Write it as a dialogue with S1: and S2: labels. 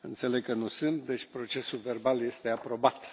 S1: înțeleg că nu sunt deci procesul verbal este aprobat.